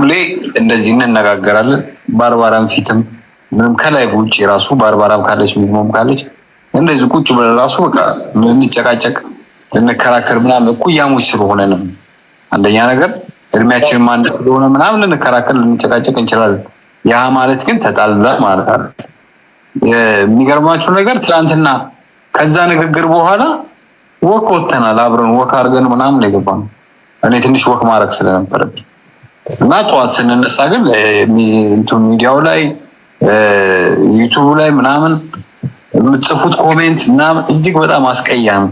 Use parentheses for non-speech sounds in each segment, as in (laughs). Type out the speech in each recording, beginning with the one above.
ሁሌ እንደዚህ እንነጋገራለን። ባርባራም ፊትም ምንም ከላይ ውጭ ራሱ ባርባራም ካለች ሚሞም ካለች እንደዚህ ቁጭ ብለን ራሱ በቃ ልንጨቃጨቅ ልንከራከር ምናምን እኩያሞች ስለሆነ ነው። አንደኛ ነገር እድሜያችን ማን ስለሆነ ምናምን ልንከራከር ልንጨቃጨቅ እንችላለን። ያ ማለት ግን ተጣልላ ማለት አለ። የሚገርማችሁ ነገር ትናንትና ከዛ ንግግር በኋላ ወክ ወተናል አብረን ወክ አድርገን ምናምን የገባ ነው። እኔ ትንሽ ወክ ማድረግ ስለነበረብኝ እና ጠዋት ስንነሳ ግን ሚዲያው ላይ ዩቱቡ ላይ ምናምን የምትጽፉት ኮሜንት ምናምን እጅግ በጣም አስቀያሚ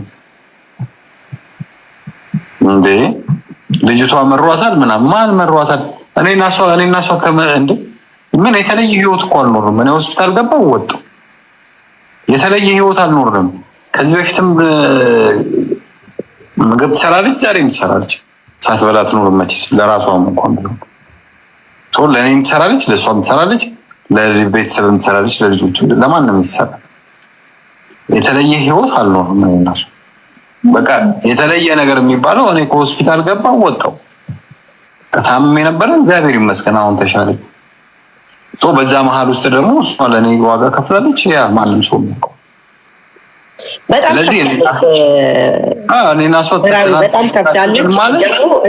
እንዴ ልጅቷ መሯታል ምናምን ማን መሯታል እኔ እና እኔ እና ከመ እንደ ምን የተለየ ህይወት እኮ አልኖርም እኔ ሆስፒታል ገባው ወጡ የተለየ ህይወት አልኖርም ከዚህ በፊትም ምግብ ትሰራለች ዛሬም ትሰራለች ሳትበላ ትኖር መቼስ ለራሷም እንኳን ቢሆን ለእኔ ትሰራለች፣ ለእሷም ትሰራለች፣ ለቤተሰብ ትሰራለች፣ ለልጆች ለማንም ትሰራ። የተለየ ህይወት አልኖርም። ራሱ በቃ የተለየ ነገር የሚባለው እኔ ከሆስፒታል ገባ ወጣው ከታምም የነበረ እግዚአብሔር ይመስገን አሁን ተሻለኝ። በዛ መሀል ውስጥ ደግሞ እሷ ለእኔ ዋጋ ከፍላለች። ያ ማንም ሰው የሚያውቀው በጣም ከብዳለች።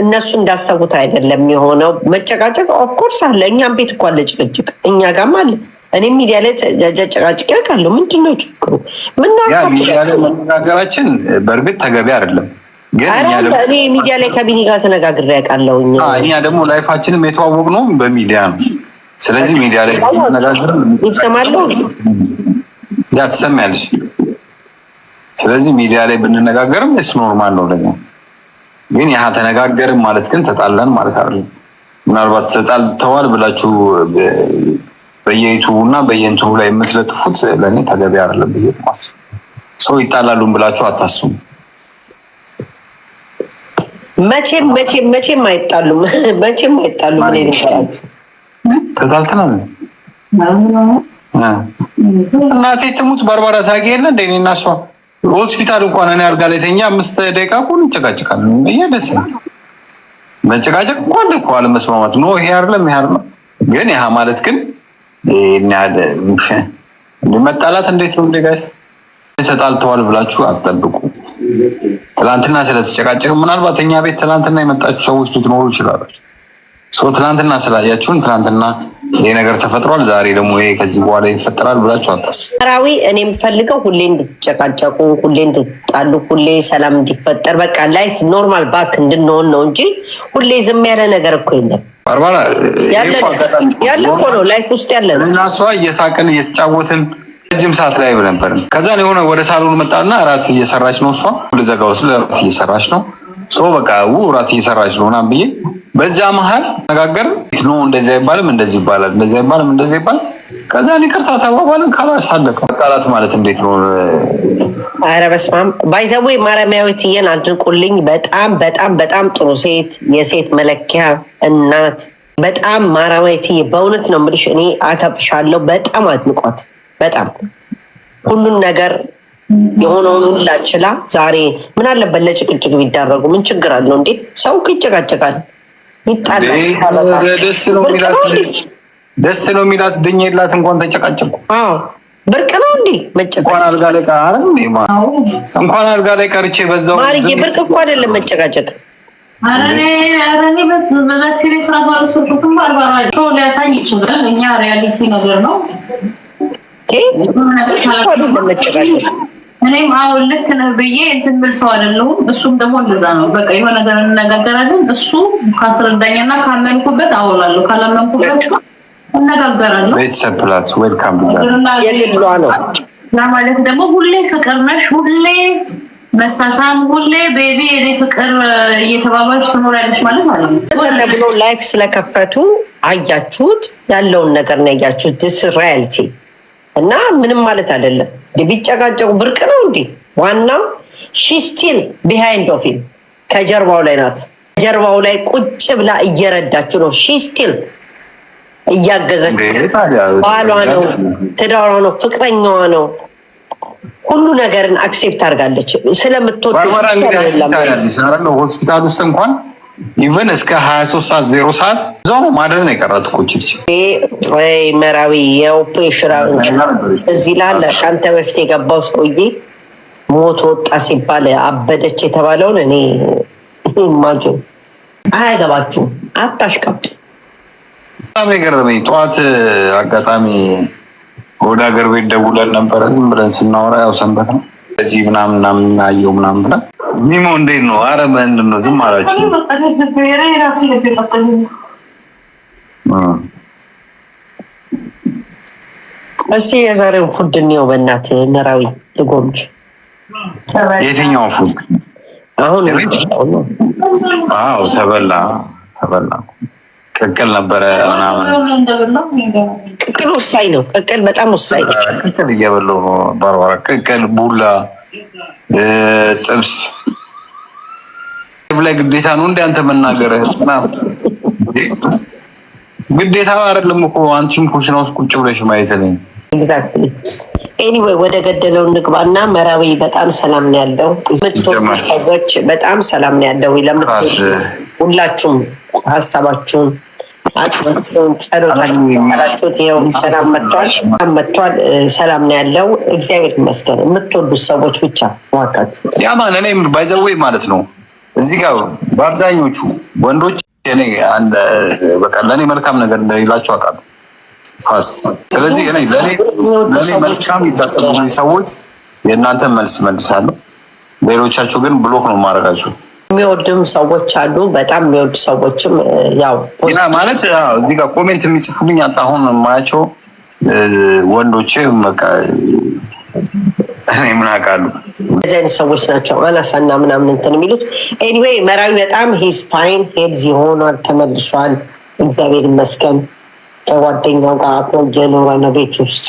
እነሱ እንዳሰቡት አይደለም የሆነው። መጨቃጨቅ ኦፍኮርስ አለ። እኛም ቤት እኮ አለ ጭቅጭቅ፣ እኛ አለ። እኔ ሚዲያ ላይ ጨቃጭቅ ያውቃለሁ። ምንድን ነው ችግሩ? በእርግጥ ተገቢ አይደለም። እኔ ሚዲያ ላይ ከቢኒ ጋር ተነጋግሬ ያውቃለሁ። እኛ ደግሞ ላይፋችንም የተዋወቅ ነው በሚዲያ ነው። ስለዚህ ሚዲያ ላይ ነጋግር ያ ትሰሚያለሽ ስለዚህ ሚዲያ ላይ ብንነጋገርም ስ ኖርማል ነው። ደግሞ ግን ያህ ተነጋገርም ማለት ግን ተጣለን ማለት አይደለም። ምናልባት ተጣልተዋል ብላችሁ በየዩቱቡ እና በየእንትኑ ላይ የምትለጥፉት ለእኔ ተገቢ አይደለም ብዬ ማስብ። ሰው ይጣላሉን ብላችሁ አታስቡ። መቼም መቼም መቼም አይጣሉም። (laughs) መቼም አይጣሉም። እኔ ነገራችሁ ተጣልተናል። እናቴ ትሙት ባርባራ ታጌ የለ እንደኔ እና እሷ ሆስፒታል እንኳን እኔ አልጋ ላይ ተኛ አምስት ደቂቃ እኮ እንጨቃጨቃለን። በየደስ መጨቃጨቅ እንኳን እኮ አለመስማማት ነው። ይሄ አይደለም ይሄ አይደለም ግን ይሄ ማለት ግን እናለ መጣላት እንዴት ነው እንደጋሽ ተጣልተዋል ብላችሁ አትጠብቁ። ትላንትና ስለተጨቃጨቅ ምናልባት እኛ ቤት ትላንትና የመጣችሁ ሰዎች ልትኖሩ ይችላላችሁ። ሶ ትላንትና ስላያችሁን ትላንትና ይሄ ነገር ተፈጥሯል። ዛሬ ደግሞ ይሄ ከዚህ በኋላ ይፈጠራል ብላችሁ አታስቡ። ራዊ እኔ የምፈልገው ሁሌ እንድትጨቃጨቁ፣ ሁሌ እንድትጣሉ፣ ሁሌ ሰላም እንዲፈጠር በቃ ላይፍ ኖርማል ባክ እንድንሆን ነው እንጂ ሁሌ ዝም ያለ ነገር እኮ የለም። ባርባራ ያለ እኮ ነው ላይፍ ውስጥ ያለ ነው። እና እሷ እየሳቅን እየተጫወትን ረጅም ሰዓት ላይ ነበርን። ከዛ የሆነ ወደ ሳሎን መጣና እራት እየሰራች ነው እሷ ሁሉ ዘጋ ውስጥ እራት እየሰራች ነው ሰው በቃ እራት እየሰራች ነው ምናምን ብዬ በዛ መሀል ነጋገር ኖ እንደዚያ ይባልም እንደዚህ ይባላል፣ እንደዚያ ይባልም እንደዚህ ይባል። ከዛ ይቅርታ ተባባልን። ካላስ አለቀ። መጣላት ማለት እንዴት ነው? አረ በስመ አብ ባይዘዌ ማርያማዊትዬን አድንቁልኝ። በጣም በጣም በጣም ጥሩ ሴት፣ የሴት መለኪያ እናት። በጣም ማርያማዊትዬ በእውነት ነው የምልሽ፣ እኔ አተብሻለው በጣም አድንቋት። በጣም ሁሉን ነገር የሆነውን ሁላ ችላ ዛሬ ምን አለበት ለጭቅጭቅ ቢዳረጉ ምን ችግር አለው እንዴ? ሰው ይጨቃጨቃል። ደስ ነው የሚላት ድኝ የላት እንኳን ተጨቃጨቁ። ብርቅ ነው እንዴ መጨቃጨቅ? አልጋ ላይ ቀረ እንኳን አልጋ ላይ ቀርቼ በዛው ማርዬ፣ ብርቅ እኮ አይደለም መጨቃጨቅ። ሊያሳይ ይችላል። እኛ ሪያሊቲ ነገር ነው እኔም አዎ ልክ ነህ ብዬ እንትን ብል ሰው አይደለሁም። እሱም ደግሞ እንደዛ ነው። በቃ የሆነ ነገር እንነጋገራለን። እሱ ካስረዳኝና ካመንኩበት አውላለሁ፣ ካላመንኩበት እነጋገራለሁ። ቤተሰብ ፕላት ዌልካም ያ ማለት ደግሞ ሁሌ ፍቅር ነሽ፣ ሁሌ መሳሳም፣ ሁሌ ቤቢ እኔ ፍቅር እየተባባች ትኖሪያለሽ ማለት ማለት ነው ብሎ ላይፍ ስለከፈቱ አያችሁት፣ ያለውን ነገር ነው ያያችሁት። ዲስ ሪያልቲ እና ምንም ማለት አይደለም። ቢጨቃጨቁ ብርቅ ነው እንዴ? ዋናው ሺስቲል ቢሃይንድ ኦፊም ከጀርባው ላይ ናት። ጀርባው ላይ ቁጭ ብላ እየረዳችው ነው። ሺስቲል እያገዘችው ባሏ ነው፣ ትዳሯ ነው፣ ፍቅረኛዋ ነው። ሁሉ ነገርን አክሴፕት አድርጋለች። ስለምትወድ ሆስፒታል ውስጥ እንኳን ኢቨን እስከ 23 ሰዓት ዜሮ ሰዓት እዛው ማደር ነው የቀራት እኮ እቺ ወይ መራዊ የኦፕሬሽን እዚህ ላለ ከአንተ በፊት የገባው ሰውዬ ሞት ወጣ ሲባል አበደች የተባለውን እኔ ማጆ አያገባችሁ አታሽቀብጡ። በጣም የገረመኝ ጠዋት አጋጣሚ ወደ ሀገር ቤት ደውለን ነበረ። ዝም ብለን ስናወራ ያው ሰንበት ነው እዚህ ምናምን ምናምን አየው ምናምን ብላ ሚሞ እንዴት ነው? አረ ምንድን ነው ዝም አላችሁ? እስቲ የዛሬው ፉድ እንየው በእናት መራዊ ልጎምጅ። የትኛው ፉድ አሁን? ተበላ ተበላ ቅቅል ነበረ ቅቅል ወሳኝ ነው። ቅቅል በጣም ወሳኝ ቅቅል እየበላሁ ነው ባርባራ። ቅቅል፣ ቡላ፣ ጥብስ ላይ ግዴታ ነው እንደ አንተ መናገርህ ግዴታ አይደለም እኮ አንቺም ኩሽና ውስጥ ቁጭ ብለሽ ማየት ነኝ። ኤኒዌይ ወደ ገደለው ንግባ እና መራዊ በጣም ሰላም ነው ያለው። ምትቶ ሰዎች በጣም ሰላም ነው ያለው ለምት ሁላችሁም ሀሳባችሁን አጥራችሁን ሰላም መጥቷል፣ ሰላም ነው ያለው። እግዚአብሔር ይመስገን። የምትወዱት ሰዎች ብቻ ዋካት ያማን እኔም ባይዘወይ ማለት ነው። እዚህ ጋር በአብዛኞቹ ወንዶች እኔ በቃ ለእኔ መልካም ነገር እንደሌላቸው አውቃለሁ ፋስ ስለዚህ እኔ ለእኔ መልካም ይታሰቡ ሰዎች የእናንተን መልስ መልሳለሁ። ሌሎቻችሁ ግን ብሎክ ነው ማድረጋችሁ የሚወዱም ሰዎች አሉ። በጣም የሚወዱ ሰዎችም ያው ማለት እዚህ ጋር ኮሜንት የሚጽፉልኝ አሁን ማያቸው ወንዶች ምን አውቃሉ እዚህ አይነት ሰዎች ናቸው አናሳና ምናምን እንትን የሚሉት። ኤኒዌይ መራዊ በጣም ሂዝ ፋይን ሄልዝ የሆኗል ተመልሷል። እግዚአብሔር ይመስገን። ከጓደኛው ጋር አብሮ እየኖረ ነው ቤት ውስጥ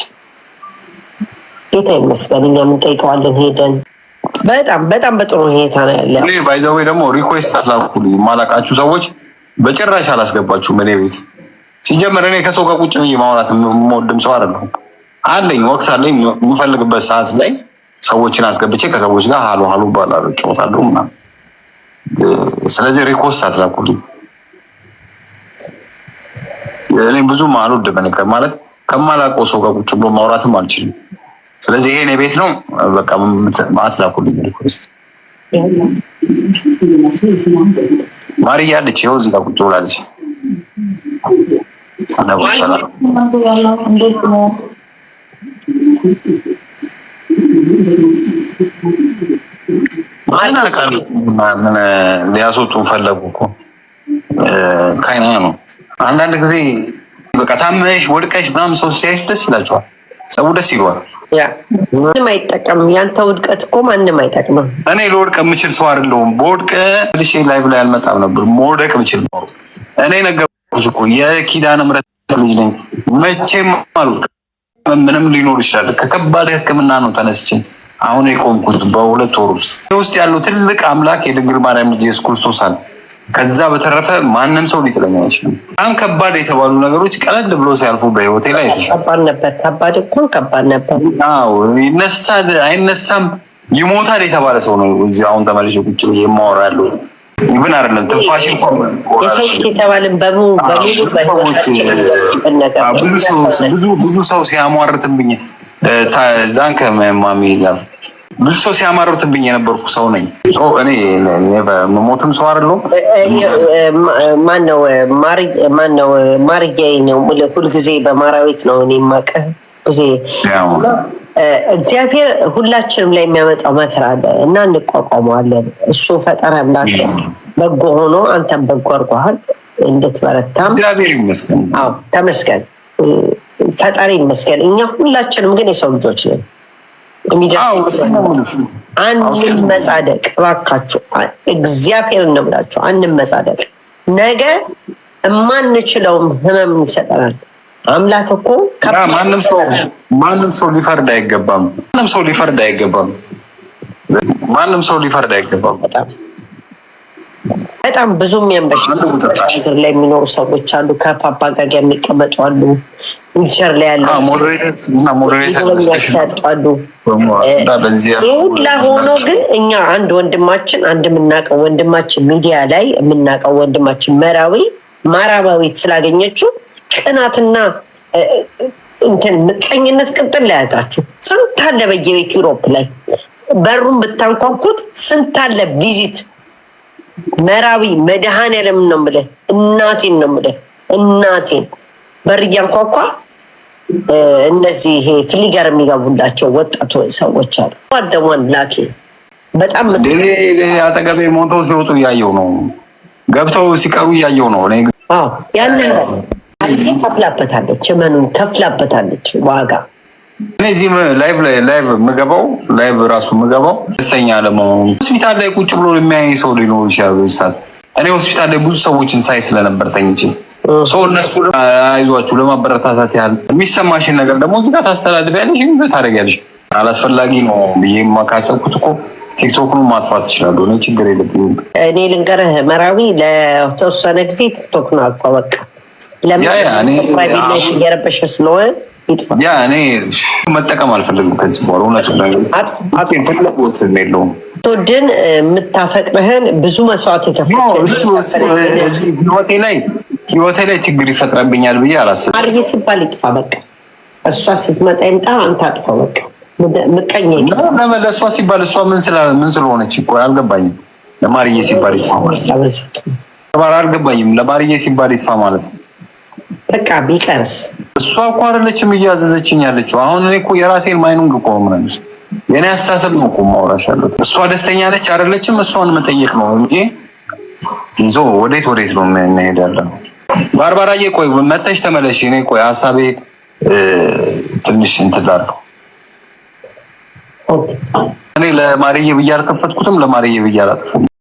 ጌታ ይመስገን። እኛ ምን ጠይቀዋለን ሄደን በጣም በጣም በጥሩ ሁኔታ ነው ያለ። እኔ ባይዘዌ ደግሞ ሪኩዌስት አላኩልኝ ማላቃችሁ ሰዎች በጭራሽ አላስገባችሁም እኔ ቤት። ሲጀመር እኔ ከሰው ጋር ቁጭ ብዬ ማውራት የምወድም ሰው አይደለሁም። አለኝ ወቅት አለኝ። የምፈልግበት ሰዓት ላይ ሰዎችን አስገብቼ ከሰዎች ጋር ሀሉ ሀሉ ባላለ ጨዋታለሁ ምናምን። ስለዚህ ሪኮስት አትላኩልኝ። እኔ ብዙም አልወድም ማለት ከማላውቀው ሰው ጋር ቁጭ ብሎ ማውራትም አልችልም። ስለዚህ ይሄ እኔ ቤት ነው። በቃ አትላኩልኝ ሪኩዌስት። ማርዬ አለች፣ ይኸው እዚህ ጋር ቁጭ ብላለች። ሊያስወጡን ፈለጉ እኮ ካይና ነው። አንዳንድ ጊዜ በቃ ታመሽ ወድቀሽ ምናምን ሰው ሲያይሽ ደስ ይላቸዋል፣ ሰው ደስ ይለዋል። ማንም አይጠቀምም። ያንተ ውድቀት እኮ ማንም አይጠቅምም። እኔ ለወድቅ የምችል ሰው አይደለሁም። በወድቀ ልሽ ላይ ብላ ያልመጣም ነበር መውደቅ የምችል ነው። እኔ ነገር እኮ የኪዳነ ምሕረት ልጅ ነኝ። መቼም አልወድቅም። ምንም ሊኖር ይችላል። ከከባድ ሕክምና ነው ተነስችን አሁን የቆምኩት በሁለት ወር ውስጥ ውስጥ ያለው ትልቅ አምላክ የድንግል ማርያም ልጅ ኢየሱስ ክርስቶስ አለ ከዛ በተረፈ ማንም ሰው ሊጥለኝ አይችልም። በጣም ከባድ የተባሉ ነገሮች ቀለል ብሎ ሲያልፉ በህይወቴ ላይ ከባድ ነበር። ከባድ እኮ ከባድ ነበር። አዎ ይነሳል፣ አይነሳም፣ ይሞታል የተባለ ሰው ነው። አሁን ተመልሼ ቁጭ ብዬ የማወራ ያለው ይብን አይደለም። ትንፋሽ ብዙ ሰው ሲያሟርትብኝ ዳንከ ማሚ ጋር ብዙ ሰው ሲያማርትብኝ የነበርኩ ሰው ነኝ። እኔ መሞትም ሰው አይደለሁም። ማነው ማነው ነው። ሁልጊዜ በማራዊት ነው እኔ ማቀ ጊዜ እግዚአብሔር ሁላችንም ላይ የሚያመጣው መከራ አለ እና እንቋቋመዋለን። እሱ ፈጠረ አምላክ በጎ ሆኖ አንተን በጎ አድርጎሃል። እንድትበረታም ተመስገን፣ ፈጣሪ ይመስገን። እኛ ሁላችንም ግን የሰው ልጆች ነን። አንመጻደቅ እባካችሁ፣ እግዚአብሔር እንብላችሁ፣ አንመጻደቅ። ነገ የማንችለውም ህመም ይሰጠናል። አምላክ እኮ ማንም ሰው ማንም ሰው ሊፈርድ አይገባም። ማንም ሰው ሊፈርድ አይገባም። ማንም ሰው ሊፈርድ አይገባም። በጣም የሚያንበሽ ላይ የሚኖሩ ሰዎች አሉ። ከፓፓ ጋር የሚቀመጡ አሉ። ዊልቸር ላይ ያለ ያጣሉ። የሁላ ሆኖ ግን እኛ አንድ ወንድማችን አንድ የምናውቀው ወንድማችን ሚዲያ ላይ የምናውቀው ወንድማችን መራዊ ማራባዊት ስላገኘችው ቅናትና እንትን ምቀኝነት ቅጥል ላያውቃችሁ ስንት አለ በየቤት ዩሮፕ ላይ በሩን ብታንኳኩት ስንት አለ ቪዚት መራዊ መድሃኔዓለምን ነው የምልህ እናቴን ነው የምልህ እናቴን በር እያንኳኳ እነዚህ ይሄ ፍሊገር የሚገቡላቸው ወጣቱ ሰዎች አሉ። ደሞን ላኪ በጣም አጠገቤ ሞተው ሲወጡ እያየው ነው፣ ገብተው ሲቀሩ እያየው ነው። ያን ከፍላበታለች፣ መኑን ከፍላበታለች ዋጋ እኔ እዚህ ላይቭ ላይቭ የምገባው ላይቭ ራሱ የምገባው ደስተኛ ለመሆኑ ሆስፒታል ላይ ቁጭ ብሎ የሚያይ ሰው ሊኖር ይችላል። እኔ ሆስፒታል ላይ ብዙ ሰዎችን ሳይ ስለነበር ተኝቼ ሰው እነሱ አይዟችሁ ለማበረታታት ያህል የሚሰማሽን ነገር ደግሞ እዚህ ጋር ታስተላልፊያለሽ፣ ታደርጊያለሽ። አላስፈላጊ ነው ብዬ ማካሰብኩት እኮ ቲክቶክን ማጥፋት ይችላሉ። እኔ ችግር የለብኝም። እኔ ልንገርህ መራዊ፣ ለተወሰነ ጊዜ ቲክቶክን አልኳ። በቃ ለምን እየረበሸ ስለሆነ ያ እኔ መጠቀም አልፈልግም ከዚህ በኋላ እውነቱ ፍላጎት የለውም። ትወድን የምታፈቅርህን ብዙ መስዋዕት የከፈለች ህይወቴ ላይ ህይወቴ ላይ ችግር ይፈጥረብኛል ብዬ አላስብም። አርጌ ሲባል ይጥፋ በቃ እሷ ስትመጣ ይምጣ፣ አንተ አጥፋ በቃ ምቀኝ ለእሷ ሲባል እሷ ምን ምን ስለሆነች እኮ አልገባኝም። ለማርዬ ሲባል ይጥፋ ማለት አልገባኝም። ለማርዬ ሲባል ይጥፋ ማለት ነው በቃ ቢቀርስ እሷ እኮ አይደለችም እያዘዘችኝ ያለችው። አሁን እኔ እኮ የራሴን ማይኑንግ እኮ ምናምን የኔ አስተሳሰብ ነው እኮ ማውራሽ ያለሁት። እሷ ደስተኛ ነች አይደለችም፣ እሷን መጠየቅ ነው እንጂ ይዞ ወዴት ወዴት ነው እንሄዳለን? ባርባራዬ ቆይ መተሽ ተመለሽ። እኔ ቆይ ሀሳቤ ትንሽ እንትን ላለው እኔ ለማርዬ ብዬ አልከፈትኩትም። ለማርዬ ብዬ አላጥፉም።